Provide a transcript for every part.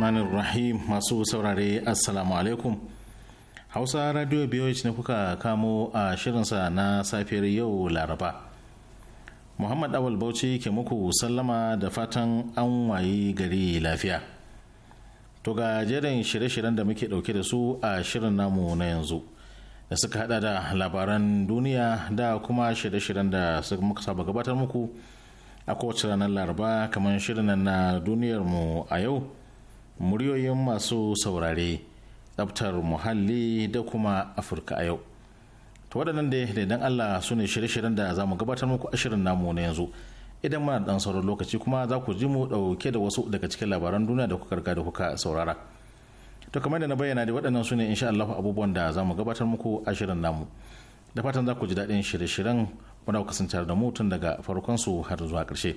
rahmanir rahim masu saurare assalamu alaikum hausa radio biyoyi ne kuka kamo a shirinsa na safiyar yau laraba muhammad awal bauchi ke muku sallama da fatan an wayi gari lafiya to ga jerin shirye-shiryen da muke dauke da su a shirin namu na yanzu da suka hada da labaran duniya da kuma shirye-shiryen da muka saba gabatar muku a kowace ranar laraba kamar shirin na duniyarmu a yau muryoyin masu saurare tsabtar muhalli da kuma afirka a yau ta waɗannan da ya dan allah su ne shirye-shiryen da za mu gabatar muku a shirin namu na yanzu idan muna dan sauran lokaci kuma za ku ji mu ɗauke da wasu daga cikin labaran duniya da kuka riga da kuka saurara to kamar da na bayyana da waɗannan su ne insha Allah abubuwan da za mu gabatar muku a shirin namu da fatan za ku ji daɗin shirye-shiryen muna kasance da mu tun daga farkon su har zuwa ƙarshe.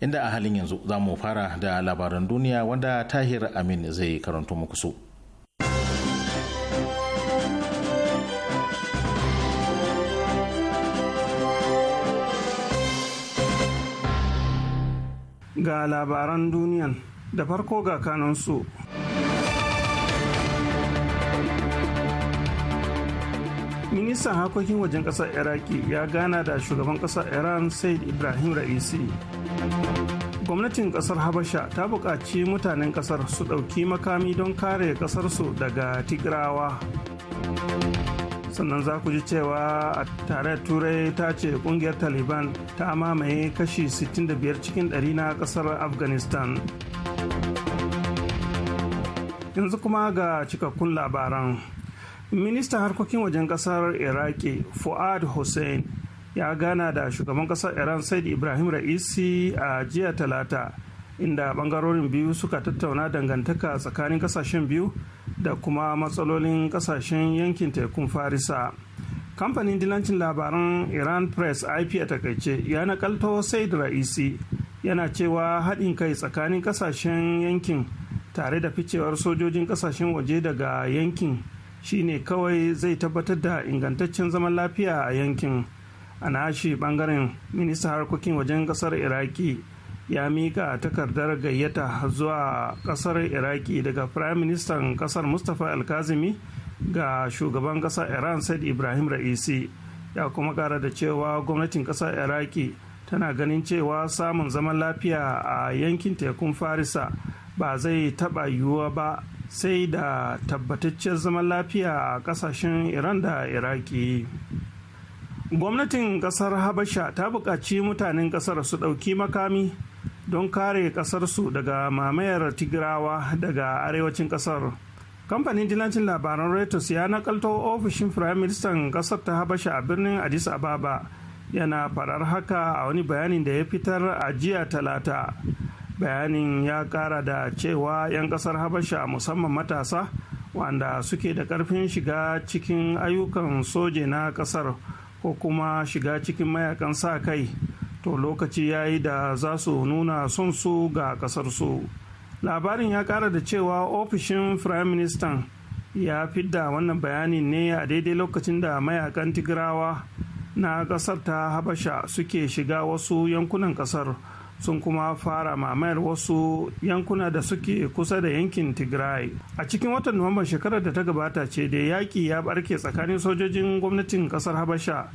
inda a halin yanzu za mu fara da labaran duniya wanda tahir amin zai karanto muku su ga labaran duniyan da farko ga kanansu ministan harkokin wajen kasar iraki ya gana da shugaban kasar iran said ibrahim ra'isi gwamnatin kasar habasha ta buƙaci mutanen kasar su ɗauki makami don kare kasarsu daga tigrawa sannan za ku ji cewa a tare turai ta ce kungiyar taliban ta mamaye kashi 65 cikin 100 na kasar afghanistan yanzu kuma ga cikakkun labaran ministan harkokin wajen kasar iraki fuad hussein ya gana da shugaban kasar iran said ibrahim ra'isi a jiya talata inda bangarorin biyu suka tattauna dangantaka tsakanin kasashen biyu da kuma matsalolin kasashen yankin tekun farisa kamfanin dilancin labaran iran press ip a takaice ya nakalto said ra'isi yana cewa haɗin kai tsakanin kasashen yankin tare da ficewar sojojin kasashen waje daga yankin shine kawai zai tabbatar da ingantaccen zaman lafiya a yankin. a nashi bangaren ministan harkokin wajen kasar iraki ya mika takardar gayyata zuwa kasar iraki daga prime ministan kasar mustapha alkazimi ga shugaban kasar iran said ibrahim ra'isi ya kuma kara da cewa gwamnatin kasar iraki tana ganin cewa samun zaman lafiya a yankin tekun farisa ba zai taɓa yiwuwa ba sai da tabbataccen zaman lafiya a ƙasashen iran da iraki gwamnatin kasar habasha ta buƙaci mutanen kasar su ɗauki makami don kare kasarsu daga mamayar tigrawa daga arewacin kasar kamfanin jinancin labaran reuters ya nakalto ofishin firaministan kasar ta habasha a birnin addis ababa yana farar haka a wani bayanin da ya fitar a jiya talata bayanin ya kara da cewa 'yan kasar habasha musamman matasa wanda suke da karfin shiga cikin ayyukan soje na kasar ko kuma shiga cikin mayakan sa kai to lokaci ya yi da za su nuna son su ga su labarin ya ƙara da cewa ofishin firayim ministan ya da wannan bayani ne a daidai lokacin da mayakan tigirawa na ƙasar ta habasha suke shiga wasu yankunan ƙasar sun kuma fara mamayar wasu yankuna da suke kusa da yankin tigray a cikin watan nuwamban shekarar da ta gabata ce da yaƙi ya barke tsakanin sojojin gwamnatin ƙasar habasha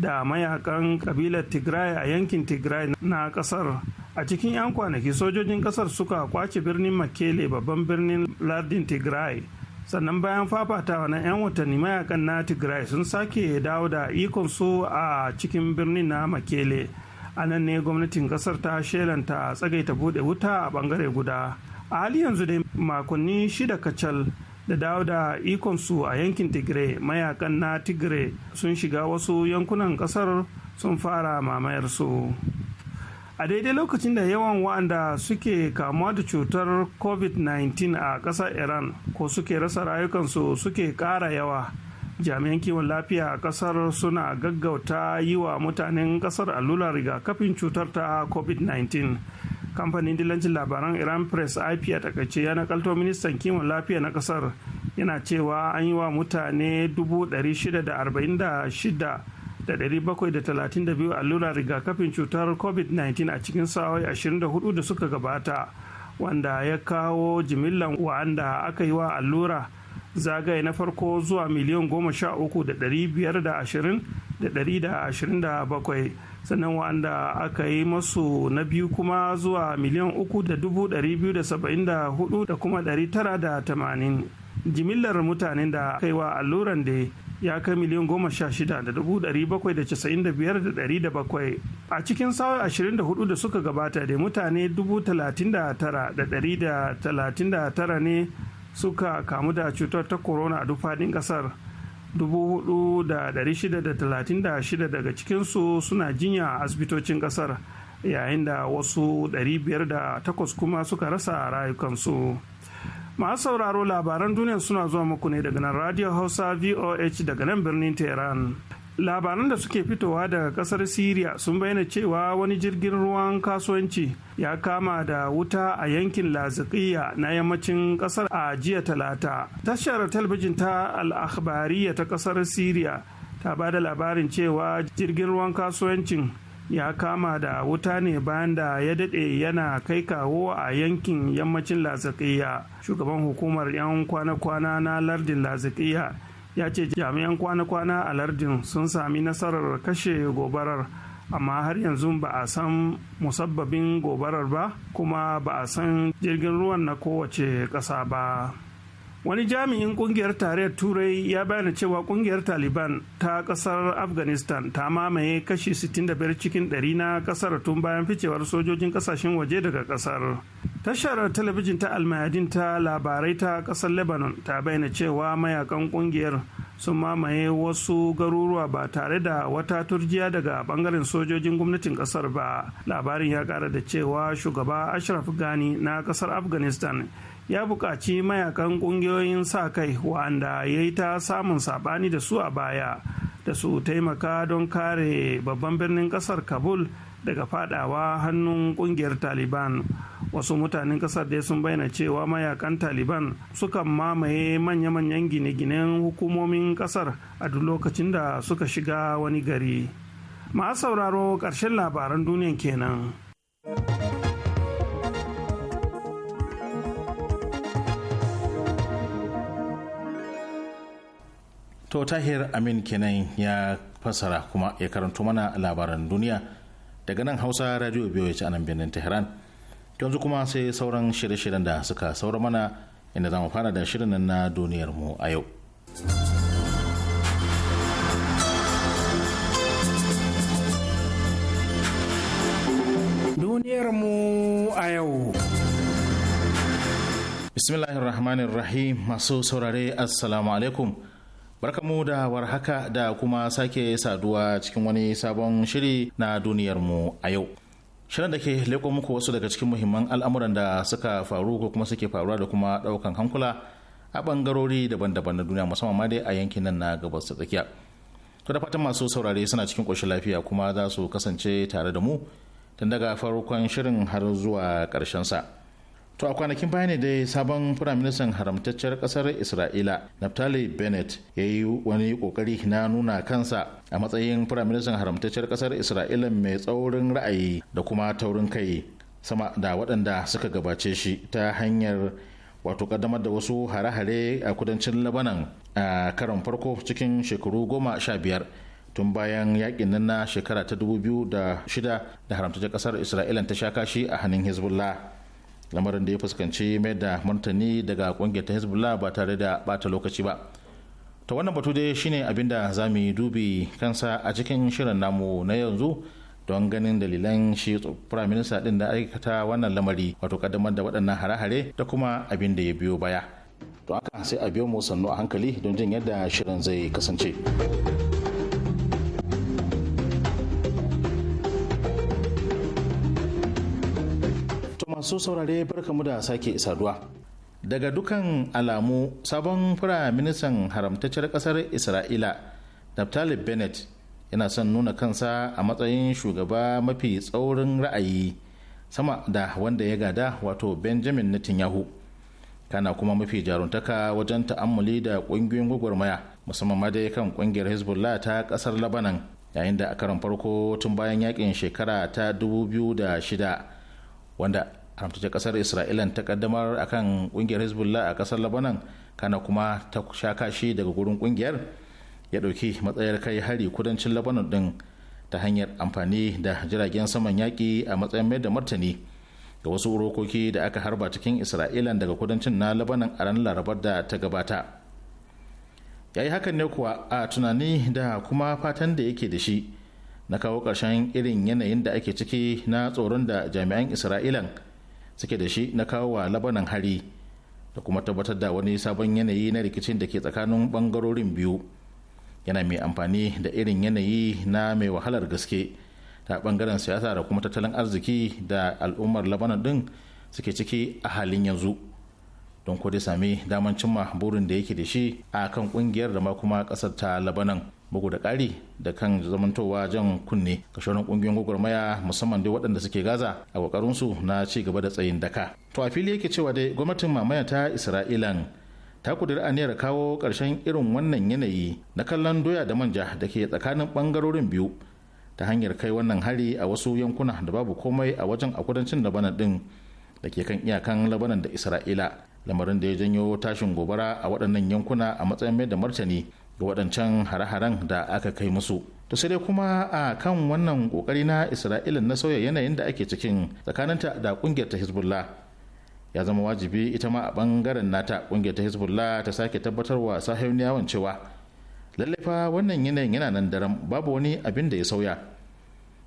da mayakan kabilar tigray a yankin tigray na ƙasar a cikin 'yan kwanaki sojojin ƙasar suka kwace birnin makele babban birnin lardin tigray sannan bayan fafatawa na 'yan watanni mayakan na tigray sun sake dawo da ikonsu a cikin birnin na makele a nan ne gwamnatin kasar ta shelanta tsagaita bude wuta a bangare guda a hali yanzu dai makonni shida kacal da dawo da ikonsu a yankin tigre mayakan na tigre sun shiga wasu yankunan kasar sun fara mamayar su a daidai lokacin da yawan wa'anda suke kamuwa da cutar covid-19 a ƙasar iran ko suke rasa rayukansu suke ƙara yawa jami'an kiwon lafiya a kasar suna gaggauta yi wa mutanen kasar allurar rigakafin cutar ta covid-19 kamfanin dilancin labaran iran press ip a takaice ya nakalto ministan kiwon lafiya na kasar yana cewa an yi wa mutane da 646,732 allurar rigakafin cutar covid-19 a cikin sa'o'i 24 da suka gabata wanda ya kawo jimillan wa'anda aka yi wa allura zagaye na farko zuwa miliyan goma sha uku da ɗari biyar da ashirin da ɗari da ashirin da bakwai sannan wa'anda aka yi masu na biyu kuma zuwa miliyan uku da dubu ɗari biyu da saba'in da hudu da kuma ɗari tara da tamanin jimillar mutanen da kaiwa alluran da ya kai miliyan goma sha shida da dubu ɗari bakwai da casa'in da biyar da ɗari da bakwai a cikin sawa ashirin da hudu da suka gabata da mutane dubu talatin da tara da ɗari da talatin da tara ne suka kamu da cutar ta corona a duk faɗin ƙasar 4,636 daga cikinsu suna jinya a asibitocin ƙasar yayin da wasu 508 kuma suka rasa rayukansu masu sauraro labaran duniya suna zuwa muku ne daga nan radio hausa voh daga nan birnin tehran labaran da suke fitowa daga kasar syria sun bayyana cewa wani jirgin ruwan kasuwanci ya kama da wuta a yankin laziƙiya na yammacin kasar a jiya talata tashar talabijin ta al'akhbariya ta kasar syria ta ba da labarin cewa jirgin ruwan kasuwancin ya kama da wuta ne bayan da ya daɗe yana kai kawo a yankin yammacin laziƙiya shugaban hukumar 'yan kwana-kwana na lardin laziƙiya ya ce jami'an kwana-kwana a lardin sun sami nasarar kashe gobarar amma har yanzu ba a san musabbabin gobarar ba kuma ba a san jirgin ruwan na kowace ƙasa ba. wani jami'in kungiyar tarayyar turai ya bayyana cewa kungiyar taliban ta kasar afghanistan ta mamaye kashi 65 cikin 100 na kasar tun bayan ficewar sojojin kasashen waje daga kasar tashar talabijin ta almayadin ta labarai ta kasar lebanon ta bayyana cewa mayakan kungiyar sun mamaye wasu garuruwa ba tare da wata turjiya daga bangaren sojojin gwamnatin kasar ba labarin ya kara da cewa shugaba ashraf gani na kasar afghanistan ya buƙaci mayakan ƙungiyoyin sa kai wanda ya yi ta samun saɓani da su a baya da su taimaka don kare babban birnin ƙasar kabul daga fadawa hannun ƙungiyar taliban wasu mutanen kasar dai sun bayyana cewa mayakan taliban sukan mamaye manya-manyan gine-ginen hukumomin kasar a duk lokacin da suka shiga wani gari masu sauraro ƙarshen labaran duniyan kenan. To Tahir Amin kenan ya fassara kuma ya karanto mana labaran duniya daga nan Hausa Radio ya ci anan birnin Tehran. yanzu kuma sai sauran shirye-shiryen da suka saura mana inda za mu fara da shirin na duniyar mu a yau. Duniyar mu a yau. Bismillahir Rahmanir masu saurare Assalamu alaikum. Barkamu da warhaka da kuma sake saduwa cikin wani sabon shiri na duniyarmu a yau. shirin da ke leko muku wasu daga cikin muhimman al'amuran da suka faru ko kuma suke faruwa da kuma daukan hankula a bangarori daban-daban na duniya musamman ma dai a yankin nan na gabas ta tsakiya to da fatan masu saurare suna cikin ƙoshin lafiya kuma za su kasance tare da mu tun daga farkon shirin har zuwa ƙarshen sa To a kwanakin baya ne dai sabon firaministan haramtacciyar kasar Isra'ila Naftali Bennett ya yi wani kokari na nuna kansa a matsayin firaministan haramtacciyar kasar Isra'ila mai tsaurin ra'ayi da kuma taurin kai sama da waɗanda suka gabace shi ta hanyar wato kaddamar da wasu hare-hare a kudancin Labanan a karon farko cikin shekaru goma sha biyar tun bayan yakin nan na shekara ta dubu 2006 da haramtacciyar kasar Isra'ila ta sha kashi a hannun Hezbollah. lamarin da ya fuskanci mai da martani daga kungiyar ta hezbollah ba tare da bata lokaci ba ta wannan batu dai shine abinda za mu yi dubi kansa a cikin shirin namu na yanzu don ganin dalilan shi prime minister din da aikata wannan lamari wato kaddamar da waɗannan hare-hare da kuma abin da ya biyo baya to aka sai a biyo mu sannu a hankali don jin yadda shirin zai kasance. masu saurare mu da sake saduwa daga dukan alamu sabon firaministan haramtacciyar kasar isra'ila naftali bennett yana son nuna kansa a matsayin shugaba mafi tsaurin ra'ayi sama da wanda ya gada wato benjamin netanyahu kana kuma mafi jaruntaka wajen ta'ammuli da ƙungiyoyin gwagwarmaya musamman ma dai kan ƙungiyar hezbollah ta ƙasar labanan yayin da a karon farko tun bayan yakin shekara ta 2006 wanda haramtaccen kasar isra'ila ta kaddamar akan kungiyar hezbollah a kasar labanan kana kuma ta sha kashi daga gurin kungiyar ya dauki matsayar kai hari kudancin labanan din ta hanyar amfani da jiragen saman yaki a matsayin mai da martani ga wasu urokoki da aka harba cikin isra'ila daga kudancin na labanan a ranar larabar da ta gabata ya yi hakan ne kuwa a tunani da kuma fatan da yake da shi na kawo ƙarshen irin yanayin da ake ciki na tsoron da jami'an isra'ilan suke da shi na kawo wa labanan hari da kuma tabbatar da wani sabon yanayi na rikicin da ke tsakanin bangarorin biyu yana mai amfani da irin yanayi na mai wahalar gaske ta bangaren siyasa da kuma tattalin arziki da al'ummar labanan din suke ciki a halin yanzu don ko sami daman cimma burin da yake da shi a kan kungiyar da ma kuma kasar ta labanan bugu da kari da kan zamantowa jan kunne ga shauran ƙungiyoyin gwagwarmaya musamman dai waɗanda suke gaza a ƙoƙarinsu na ci gaba da tsayin daka to a fili yake cewa dai gwamnatin mamaya ta isra'ilan ta kudiri aniyar kawo ƙarshen irin wannan yanayi na kallon doya da manja da ke tsakanin ɓangarorin biyu ta hanyar kai wannan hari a wasu yankuna da babu komai a wajen a kudancin labanan ɗin da ke kan iyakan labanan da isra'ila lamarin da ya janyo tashin gobara a waɗannan yankuna a matsayin mai da martani ga waɗancan hare-haren da aka kai musu to sai dai kuma a kan wannan kokari na isra'ila na sauya yanayin da ake cikin tsakaninta da kungiyar ta hezbollah ya zama wajibi ita ma a ɓangaren nata kungiyar ta hezbollah ta sake tabbatarwa sahiyoniyawan cewa lallai fa wannan yanayin yana nan daram babu wani abin da ya sauya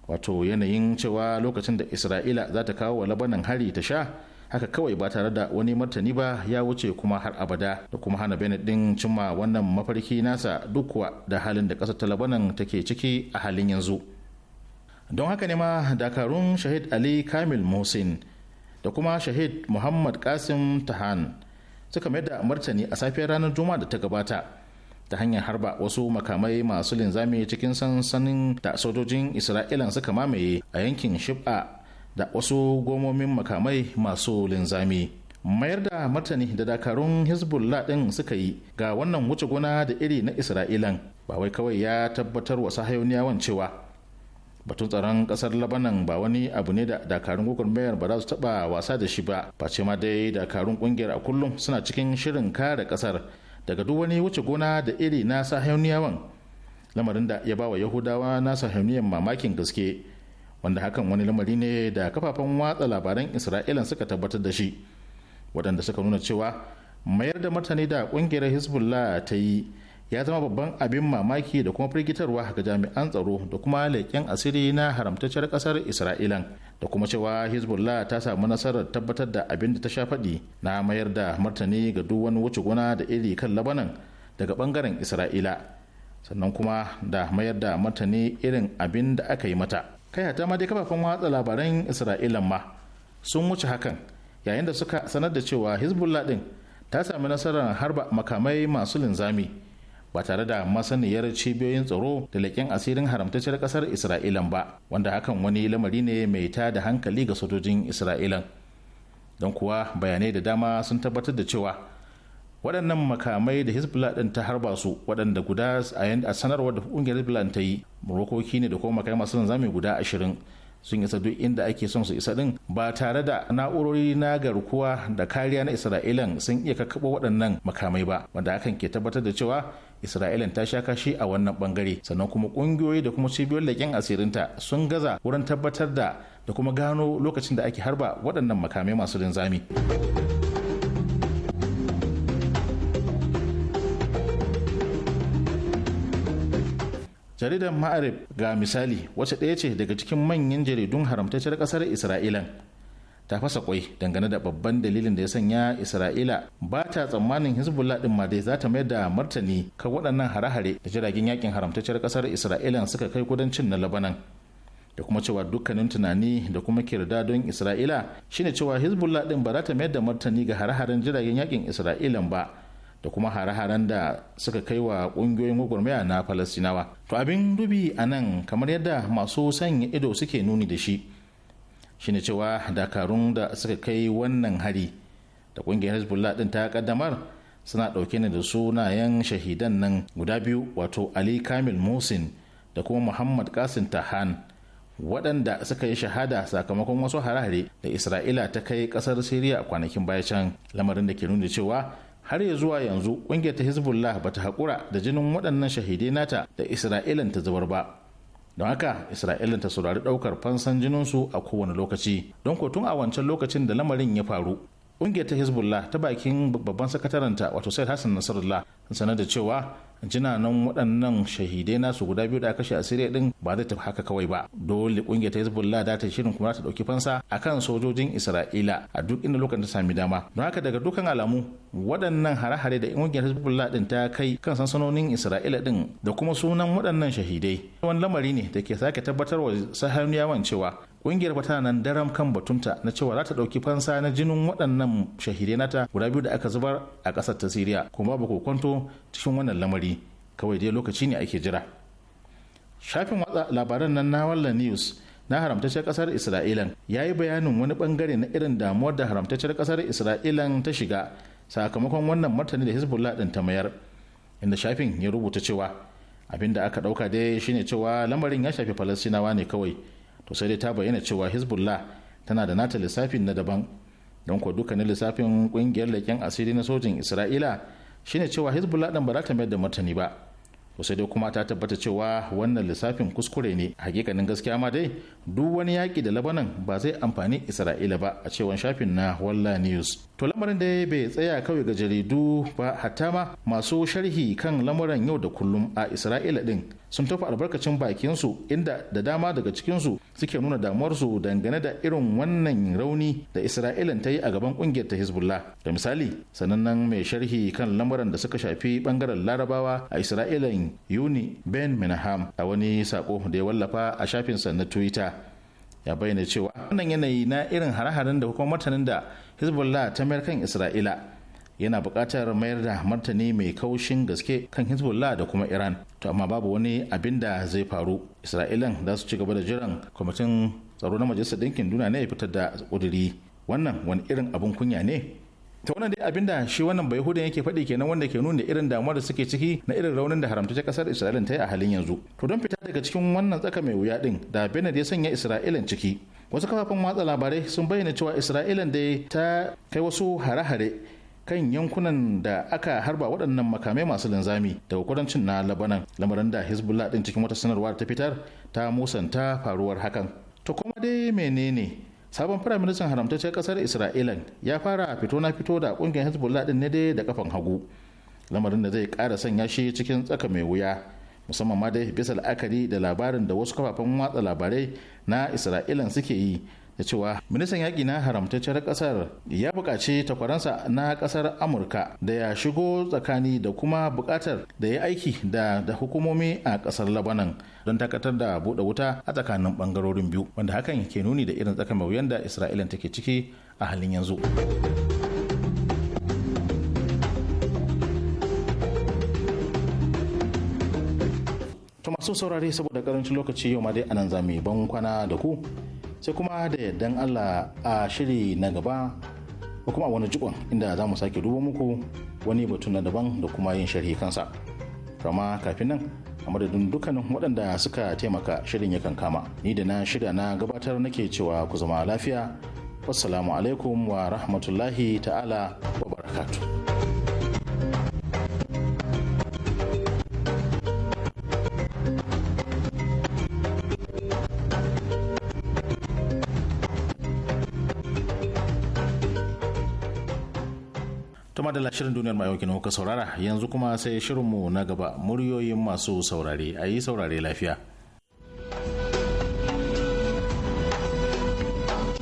wato yanayin cewa lokacin da isra'ila za ta kawo wa labanan hari ta sha haka kawai ba tare da wani martani ba ya wuce kuma har abada da kuma hana benin din cimma wannan mafarki nasa duk kuwa da halin da kasar ta take ciki a halin yanzu don haka ne ma dakarun shahid ali kamil musin da kuma shahid muhammad kasim tahan suka mayar da martani a safiyar ranar juma'a da ta gabata ta hanyar harba wasu makamai masu linzami cikin sansanin da sojojin isra'ilan suka mamaye a yankin shib'a da wasu gomomin makamai masu linzami mayar da martani da dakarun hezbollah ɗin suka yi ga wannan wuce gona da iri na isra'ilan ba wai kawai ya tabbatar wa sahayoniyawan cewa batun tsaron kasar labanan ba wani abu ne da dakarun gwagwarmayar ba za su taba wasa da shi ba face ma dai dakarun ƙungiyar a kullum suna cikin shirin kare kasar daga duk wani wuce gona da iri na sahayoniyawan lamarin da ya ba wa yahudawa na sahauniyar mamakin gaske wanda hakan wani lamari ne da kafafen watsa labaran isra'ila suka tabbatar da shi waɗanda suka nuna cewa mayar da martani da ƙungiyar hezbollah ta yi ya zama babban abin mamaki da kuma firgitarwa ga jami'an tsaro da kuma leƙen asiri na haramtacciyar ƙasar isra'ilan da kuma cewa hezbollah ta samu nasarar tabbatar da abin da ta sha faɗi na mayar da martani ga duk wani wuce gona da iri kan labanan daga ɓangaren isra'ila sannan kuma da mayar da martani irin abin da aka yi mata kai hata ma dai kafafen watsa labaran isra'ila ma sun wuce hakan yayin da suka sanar da cewa hezbollah din ta sami nasarar harba makamai masu linzami ba tare da masaniyar cibiyoyin tsaro da leƙen asirin haramtacciyar ƙasar isra'ilan ba wanda hakan wani lamari ne mai ta da hankali ga sojojin isra'ilan don kuwa bayanai da dama sun tabbatar da cewa waɗannan makamai da hezbollah ɗin ta harba su waɗanda guda a sanarwar da ƙungiyar hezbollah ta yi rokoki ne da kuma makamai masu zanzami guda ashirin sun isa duk inda ake son su isa din ba tare da na'urori na garkuwa da kariya na isra'ilan sun iya kakkaɓo waɗannan makamai ba wanda hakan ke tabbatar da cewa isra'ilan ta sha kashi a wannan bangare sannan kuma ƙungiyoyi da kuma cibiyoyin leƙen asirinta sun gaza wurin tabbatar da da kuma gano lokacin da ake harba waɗannan makamai masu linzami. jaridar ma'arif ga misali wacce ɗaya ce daga cikin manyan jaridun haramtacciyar ƙasar isra'ila ta fasa kwai dangane da babban dalilin da ya sanya isra'ila ba ta tsammanin hezbollah din ma dai za ta mayar da martani kan waɗannan hare-hare da jiragen yakin haramtacciyar ƙasar isra'ila suka kai kudancin na labanan da kuma cewa dukkanin tunani da kuma kirda don isra'ila shine cewa hezbollah din ba za ta mayar da martani ga hare-haren jiragen yakin isra'ila ba da kuma hare-haren da suka kai wa kungiyoyin gwagwarmaya na falastinawa to abin dubi a nan kamar yadda masu sanya ido suke nuni da shi shine cewa dakarun da suka kai wannan hari da kungiyar hezbollah din ta kaddamar suna dauke ne da sunayen shahidan nan guda biyu wato ali kamil musin da kuma muhammad kasim tahan waɗanda suka yi shahada sakamakon wasu hare-hare da isra'ila ta kai ƙasar siriya a kwanakin baya can lamarin da ke nuna cewa har ya zuwa yanzu kungiyar ta hezbollah ba ta haƙura da jinin waɗannan shahidai nata da isra'ilan ta zubar ba don haka isra'ilan ta saurari ɗaukar fansan jininsu a kowane lokaci don ko tun a wancan lokacin da lamarin ya faru kungiyar ta hezbollah ta bakin babban sakataranta wato said hassan nasarullah sanar da cewa jinanan waɗannan shahidai nasu guda biyu da aka kashe asiri ɗin ba zai tafi haka kawai ba dole kungiyar ta hezbollah da ta shirin kuma ta ɗauki fansa kan sojojin isra'ila a duk inda lokacin ta sami dama don haka daga dukkan alamu waɗannan hare-hare da kungiyar hezbollah din ta kai kan sansanonin isra'ila ɗin da kuma sunan waɗannan shahidai wani lamari ne da ke sake tabbatar wa sahaniyawan cewa kungiyar ba tana nan daram kan batunta na cewa za ta dauki fansa na jinin waɗannan shahidai nata guda biyu da aka zubar a ƙasar ta siriya kuma ba kwanto cikin wannan lamari kawai dai lokaci ne ake jira shafin watsa labaran nan na wallan news na haramtacciyar kasar isra'ilan ya yi bayanin wani bangare na irin damuwar da haramtacciyar kasar isra'ilan ta shiga sakamakon wannan martani da hezbollah ɗin ta mayar inda shafin ya rubuta cewa abinda aka ɗauka dai shine cewa lamarin ya shafi falastinawa ne kawai to sai dai ta bayyana cewa hezbollah tana da nata lissafin na daban don kuwa dukkanin lissafin kungiyar leƙen asiri na sojin isra'ila shine cewa hezbollah ɗin ba za ta mayar da martani ba to sai dai kuma ta tabbata cewa wannan lissafin kuskure ne hakikanin gaskiya ma dai duk wani yaƙi da labanan ba zai amfani isra'ila ba a cewan shafin na walla news to lamarin da bai tsaya kawai ga jaridu ba hatta ma masu sharhi kan lamuran yau da kullum a isra'ila ɗin sun tafi albarkacin bakinsu inda da dama daga cikinsu suke nuna damuwarsu dangane da irin wannan rauni da isra'ilan ta yi a gaban kungiyar ta hezbollah da misali sanannen mai sharhi kan lamuran da suka shafi bangaren larabawa a isra'ilan yuni ben minaham a wani sako da ya wallafa a shafinsa na twitter ya bayyana cewa wannan yanayi na irin hare-haren da hukumar martanin da hezbollah ta mayar kan isra'ila yana buƙatar mayar da martani mai kaushin gaske kan hezbollah da kuma iran to amma babu wani abin da zai faru isra'ilan za su ci gaba da jiran kwamitin tsaro na majalisar ɗinkin duniya ne ya fitar da kuduri wannan wani irin abin kunya ne ta wannan dai abinda shi wannan bai hudun yake faɗi kenan wanda ke nuna irin damuwar da suke ciki na irin raunin da haramtaccen kasar isra'ila ta yi a halin yanzu to don fita daga cikin wannan tsaka mai wuya din da benin ya sanya isra'ilan ciki wasu kafafen watsa labarai sun bayyana cewa isra'ilan dai ta kai wasu hare-hare kan yankunan da aka harba waɗannan makamai masu linzami daga kudancin na labanan lamarin da hezbollah ɗin cikin wata sanarwa ta fitar ta musanta faruwar hakan to kuma dai menene sabon firaministan haramtaccen ƙasar isra'ilan ya fara fito na fito da ƙungiyar hezbollah ɗin ne dai da kafan hagu lamarin da zai ƙara sanya shi cikin tsaka mai wuya musamman ma dai bisa la'akari da labarin da wasu kafafen watsa labarai na isra'ilan suke yi da cewa ministan yaƙi na haramtacciyar ƙasar ya buƙaci takwaransa na ƙasar amurka da ya shigo tsakani da kuma buƙatar da ya aiki da da hukumomi a ƙasar labanan don takatar da buɗe wuta a tsakanin ɓangarorin biyu wanda hakan ke nuni da irin tsaka wuyan da isra'ila take ciki a halin yanzu. To masu saurare saboda karancin lokaci yau ma dai anan zamu ban kwana da ku sai kuma da yardan Allah a shiri na gaba ko kuma wani jikon inda za mu sake duba muku wani batu na daban da kuma yin sharhi kansa kama kafin nan a madadin dukkanin waɗanda suka taimaka shirin yakan kama ni da na shirya na gabatar nake cewa ku zama lafiya wassalamu alaikum wa rahmatullahi ta'ala wa barakatuh madalla shirin duniyar mai yauki kuka saurara yanzu kuma sai shirinmu na gaba muryoyin masu saurare a yi saurare lafiya.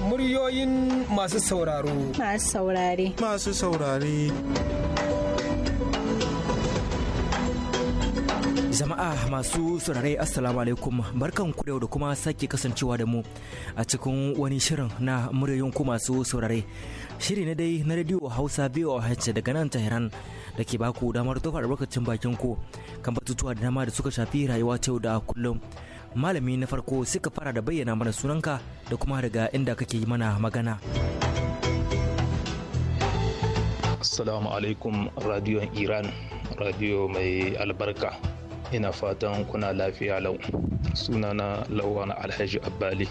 Muryoyin masu sauraro. Masu saurare. Masu saurare. jama'a masu saurare assalamu alaikum barkan ku da kuma sake kasancewa da mu a cikin wani shirin na muryoyin ku masu saurare shiri na dai na radio hausa voh daga nan tehran da ke baku damar tofa albarkacin bakin ku kan batutuwa da dama da suka shafi rayuwa ta yau da kullum malami na farko suka fara da bayyana mana sunanka da kuma daga inda kake yi mana magana. Assalamu alaikum radio Iran, radio mai albarka. ina fatan kuna lafiya lau sunana lawan alhaji abbali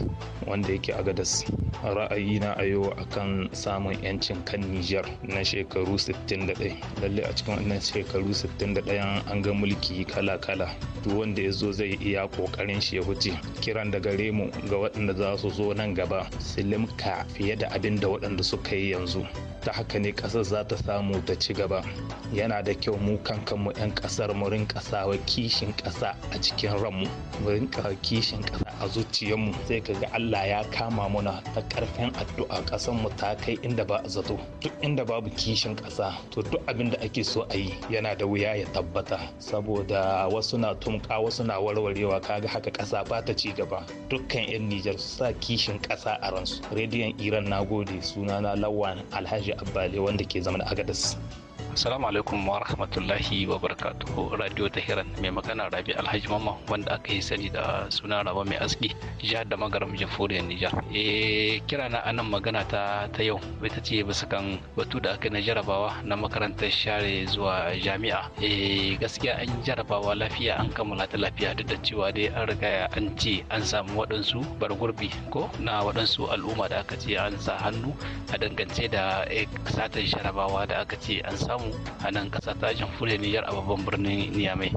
wanda yake agadas ra'ayina a yau akan samun yancin kan nijar na shekaru 61 lalle a cikin wannan shekaru 61 an ga mulki kala-kala duk wanda ya zo zai iya kokarin shi ya huce kiran da gare mu ga waɗanda za su zo nan gaba silimka fiye da abin da waɗanda suka yi yanzu ta haka ne ƙasar za ta samu ta ci gaba yana da kyau mu mu 'yan ƙasar mu rinka sawa kishin ƙasa a cikin ranmu mu rinka kishin ƙasa a zuciyarmu sai kaga Allah ya kama muna ta karfin addu'a kasar mu ta kai inda ba a zato duk inda babu kishin ƙasa to duk abin da ake so a yi yana da wuya ya tabbata saboda wasu na tumka wasu na warwarewa kaga haka ƙasa ba ta ci gaba dukkan 'yan Nijar su sa kishin ƙasa a ransu rediyon Iran na gode sunana Lawan Alhaji ambaliya wanda ke zama na agadas Assalamu alaikum wa rahmatullahi wa barakatuhu Radio Tahiran mai magana Rabi Alhaji Mamman wanda aka yi sani da suna Raba mai aski jihar da magaram jamhuriyar Nijar. Eh kira na anan magana ta ta yau ita ce bisa kan batu da aka na jarabawa na makarantar share zuwa jami'a. Eh gaskiya an jarabawa lafiya an kammala ta lafiya duk da cewa dai an riga an ce an samu waɗansu bargurbi ko na waɗansu al'umma da aka ce an sa hannu a dangance da eh, satan jarabawa da aka ce an samu a nan ƙasa ta jamhuriyar Nijar a babban birnin niyamai.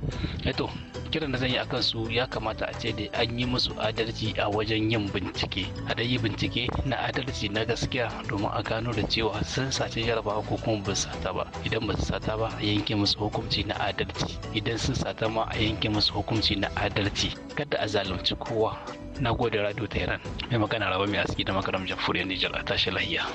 Eto, eh kiran da zan yi a kansu ya kamata a ce da an yi musu adalci a wajen yin bincike. A dai yi bincike na adalci na gaskiya domin a gano da cewa sun sace jarabawa ko kuma ba sata ba. Idan ba su sata ba a yanke musu hukunci na adalci. Idan sun sata ma a yanke musu hukunci na adalci. Kada a zalunci kowa. Na gode Radio Tehran. Mai magana rawa Mai Aski da Makaram Jamhuriyar Nijar a tashi lahiya.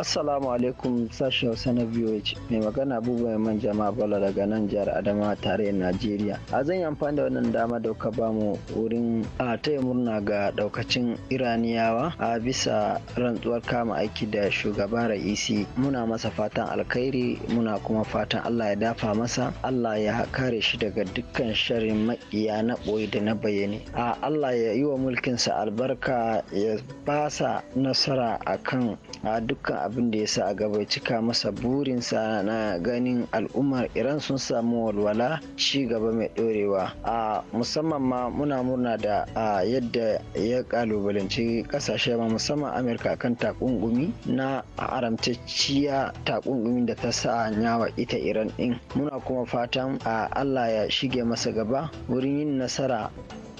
Assalamu alaikum sashen Hausa na VOH mai magana abubuwan man jama'a bala daga nan jihar Adamawa tarayyar Najeriya. A zan yi amfani da wannan dama da ka bamu wurin a taya murna ga daukacin Iraniyawa a bisa rantsuwar kama aiki da shugaban ra'isi. Muna masa fatan alkhairi muna kuma fatan Allah ya dafa masa Allah ya kare shi daga dukkan sharrin makiya na ɓoye da na bayani. A Allah ya yi wa sa albarka ya basa nasara akan a dukkan abin da ya sa a gaba cika masa burinsa na ganin al'ummar iran sun samu walwala shi gaba mai ɗorewa a musamman ma muna murna da yadda ya kalubalanci kasashe ma musamman amurka kan takungumi na haramtacciya takungumin da ta sa nyawa ita iran din muna kuma fatan a allah ya shige masa gaba wurin yin nasara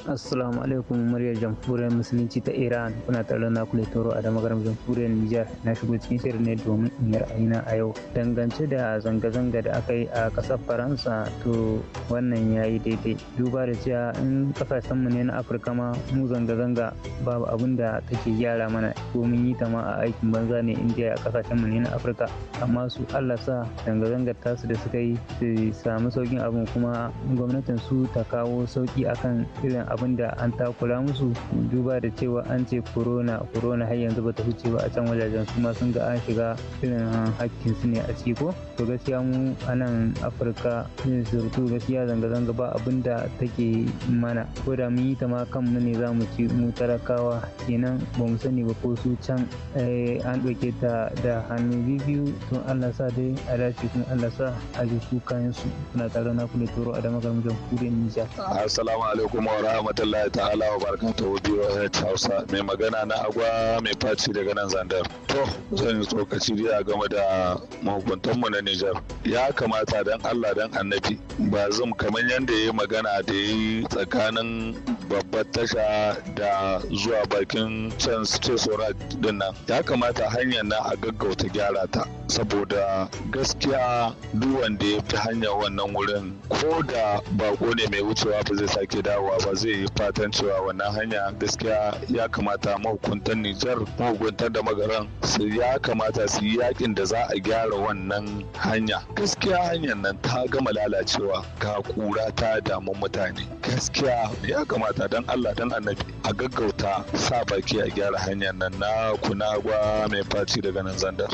Assalamu alaikum muryar jamhuriyar musulunci ta Iran kuna tare na kule toro a damar jamhuriyar Nijar na shigo cikin shirin ne domin in ra'ayina a yau dangance da zanga-zanga da aka yi a ƙasar Faransa to wannan ya yi daidai duba da cewa in ƙasashenmu ne na Afirka ma mu zanga-zanga babu abin da take gyara mana ko mun yi ta ma a aikin banza ne indiya a ƙasashenmu ne na Afirka amma su Allah sa zanga-zangar tasu da suka yi su sami saukin abin kuma gwamnatin su ta kawo sauki akan irin abin da an takura musu duba da cewa an ce korona korona har yanzu bata huce ba a can wajajen su ma sun ga an shiga irin hakkin su ne a ciki ko to gaskiya mu a nan afirka yin surutu gaskiya zanga-zanga ba abin da take mana ko da mun yi ta ma kanmu ne za mu ci mu talakawa kenan ba mu sani ba ko su can eh, an ɗauke ta da hannu biyu tun allah sa dai a dace tun allah sa a ji su kayan su kuna tare na kula toro a damar jamhuriyar nijar assalamu alaikum wa rahmatullahi ta'ala wa barakatuhu BOH Hausa mai magana na agwa mai faci daga nan Zandar. To zan yi tsokaci dai game da mahukuntanmu na Nijar. Ya kamata dan Allah dan Annabi ba zum kamar yadda ya yi magana da ya yi tsakanin babbar tasha da zuwa bakin can Stesorat din nan. Ya kamata hanyar na a gaggauta gyara ta saboda gaskiya duk wanda ya fi hanyar wannan wurin ko da bako ne mai wucewa ba zai sake dawowa ba zai yi fatan cewa wannan hanya gaskiya ya kamata mahukuntan Nijar mahukuntar da magaran su ya kamata su yi yakin da za a gyara wannan hanya. Gaskiya hanyar nan ta gama lalacewa ga kura ta damun mutane. Gaskiya ya kamata bukata dan Allah dan annabi a gaggauta sa baki a gyara hanyar nan na kunagwa mai faci daga nan zandar.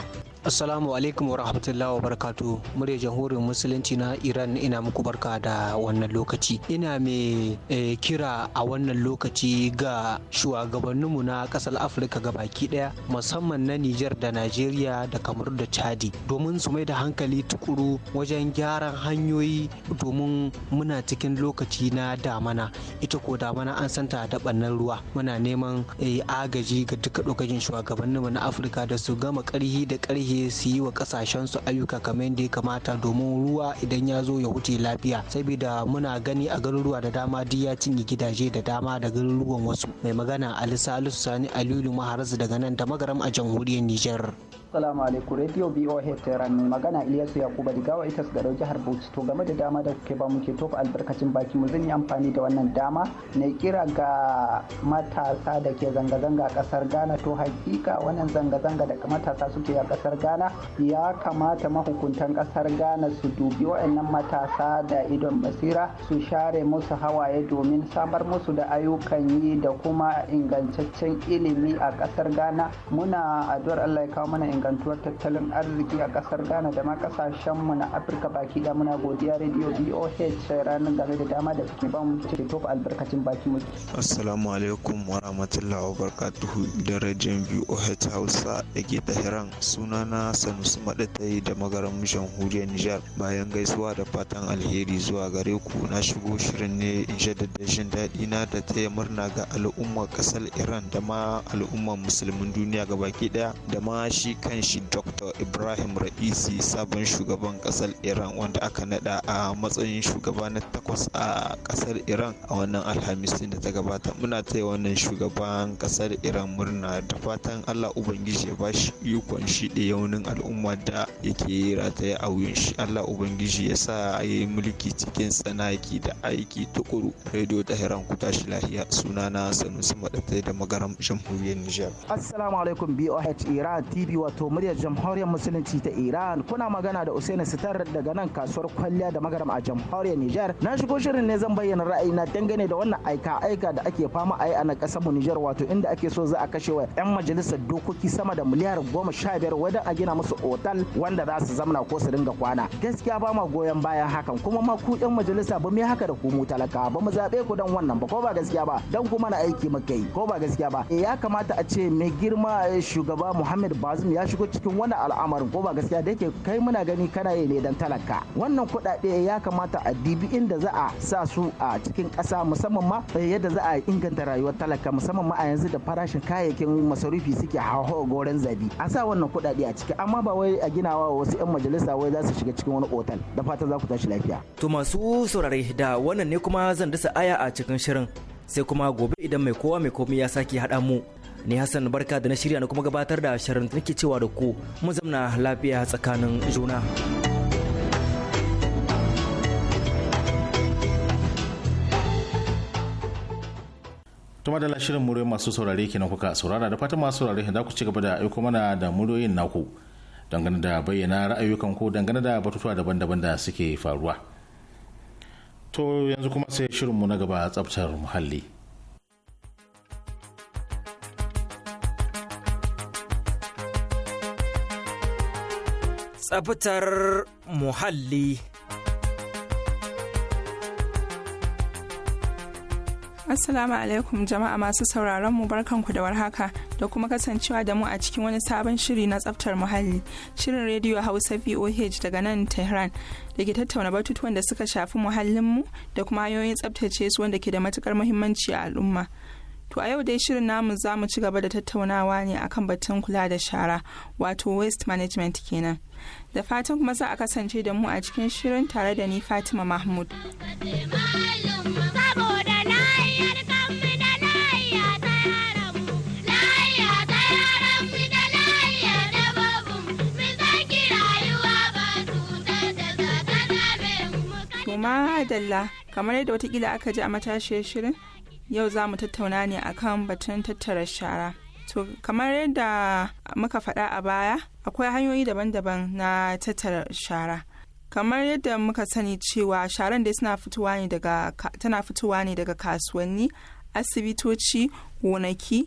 Assalamu alaikum wa rahmatullahi wa barakatu murya jamhuriyar musulunci na Iran ina muku barka da wannan lokaci. Ina mai eh, kira a wannan lokaci ga shugabanninmu na ƙasar Afirka baki ɗaya musamman na Nijar da Najeriya da kamar da Chadi domin su mai da hankali tukuru wajen gyaran hanyoyi domin muna cikin lokaci na damana ita ko damana an santa da ɓannan ruwa muna neman eh, agaji ga duka ɗokacin shugabanninmu na Afirka da su gama ƙarhi da ƙarhi je su yi wa kasashensu ayyuka kamar da ya kamata domin ruwa idan ya zo ya wuce lafiya saboda muna gani a garuruwa da dama duk ya cinye gidaje da dama da garuruwan wasu mai magana Ali Salisu sani aliyu maharas daga nan da magaram a jamhuriyar nijar. Assalamu alaikum Radio BOH Tehran mai magana Ilyasu Yakuba rigawa ita Garo jihar Bauchi to game da dama da kuke ba muke tofa albarkacin baki mu zan yi amfani da wannan dama na kira ga matasa da ke zanga-zanga a kasar Ghana to hakika wannan zanga-zanga da matasa suke a kasar Ghana ya kamata mahukuntan kasar Ghana su dubi waɗannan matasa da idon basira su share musu hawaye domin samar musu da ayyukan yi da kuma ingantaccen ilimi a kasar Ghana muna addu'ar Allah ya kawo mana ingantuwar tattalin arziki a kasar ghana da ma kasashenmu na afirka baki da muna godiya radio boh ranar game da dama da suke cire top albarkacin baki mu assalamu alaikum wa rahmatullahi wa barakatuhu da rajin boh hausa da ke tahiran sunana sanusi madatai da magaran jamhuriyar nijar bayan gaisuwa da fatan alheri zuwa gare ku na shigo shirin ne in jaddada jin daɗi na da taya murna ga al'ummar kasar iran da ma al'ummar musulmin duniya gabaki ɗaya da ma shi shi dr ibrahim ra'isi sabon shugaban kasar iran wanda aka naɗa a matsayin shugaba na takwas a kasar iran a wannan alhamis da ta gabata muna ta wannan shugaban kasar iran murna da fatan allah ubangiji ya ba shi ikon shi da yaunin al'umma da yake rataye a wuyan shi allah ubangiji ya sa a yi mulki cikin tsanaki da aiki tukuru radio da heran ku tashi lahiya sunana sanusi madatai da magaram jamhuriyar nijar assalamu alaikum boh iran tv wato wato muryar jamhuriyar musulunci ta Iran kuna magana da Usaini Sitar daga nan kasuwar kwalliya da magaram a jamhuriyar Nijar na shigo shirin ne zan bayyana ra'ayina dangane da wannan aika aika da ake fama a yi a nan kasar mu Nijar wato inda ake so za a kashe wa yan majalisar dokoki sama da miliyar goma sha biyar wajen a gina musu otal wanda za su zamna ko su dinga kwana gaskiya ba ma goyon bayan hakan kuma ma ku yan majalisa ba mu haka da ku mu talaka ba mu zaɓe ku dan wannan ba ko ba gaskiya ba dan kuma na aiki muke yi ko ba gaskiya ba eh, ya kamata a ce mai girma eh, shugaba Muhammad Bazum ya shigo cikin wani al'amarin ko ba gaskiya da yake kai muna gani kana yi ne dan talaka wannan kuɗaɗe ya kamata a dibi inda za a sa su a cikin ƙasa musamman ma yadda za a inganta rayuwar talaka musamman ma a yanzu da farashin kayayyakin masarufi suke hawa goren zabi a sa wannan kuɗaɗe a ciki amma ba wai a ginawa wasu 'yan majalisa wai za su shiga cikin wani otal da fata za ku tashi lafiya. to masu saurare da wannan ne kuma zan dasa aya a cikin shirin sai kuma gobe idan mai kowa mai komai ya sake haɗa mu ni Hassan barka da na shirya na kuma gabatar da shirin nake cewa da ku mu zamna lafiya tsakanin juna. tuma da shirin muryoyin masu saurare na kuka saurara da fatan masu saurare da ku ci gaba da aiko mana da muryoyin naku dangane da bayyana ra'ayoyin ku dangane da batutuwa daban-daban da suke faruwa to yanzu kuma sai shirinmu na gaba tsabtar muhalli tsabtar muhalli. Assalamu alaikum jama'a masu sauraron mu barkanku da warhaka da kuma kasancewa da mu a cikin wani sabon shiri na tsaftar muhalli. Shirin rediyo Hausa VOH daga nan Tehran da ke tattauna batutuwan da suka shafi muhallinmu da kuma hanyoyin tsaftace su wanda ke da matukar muhimmanci a al'umma. To a yau dai shirin namu za mu ci gaba da tattaunawa ne akan batun kula da shara wato waste management kenan. Da fatan kuma za a kasance da mu a cikin shirin tare da ni Fatima Mahmud. Madalla kamar yadda watakila aka ji a matashiyar shirin yau za mu tattauna ne akan batun tattara shara to kamar yadda muka faɗa a baya akwai hanyoyi daban-daban na tattara shara kamar yadda muka sani cewa sharan da tana fitowa ne daga kasuwanni asibitoci gonaki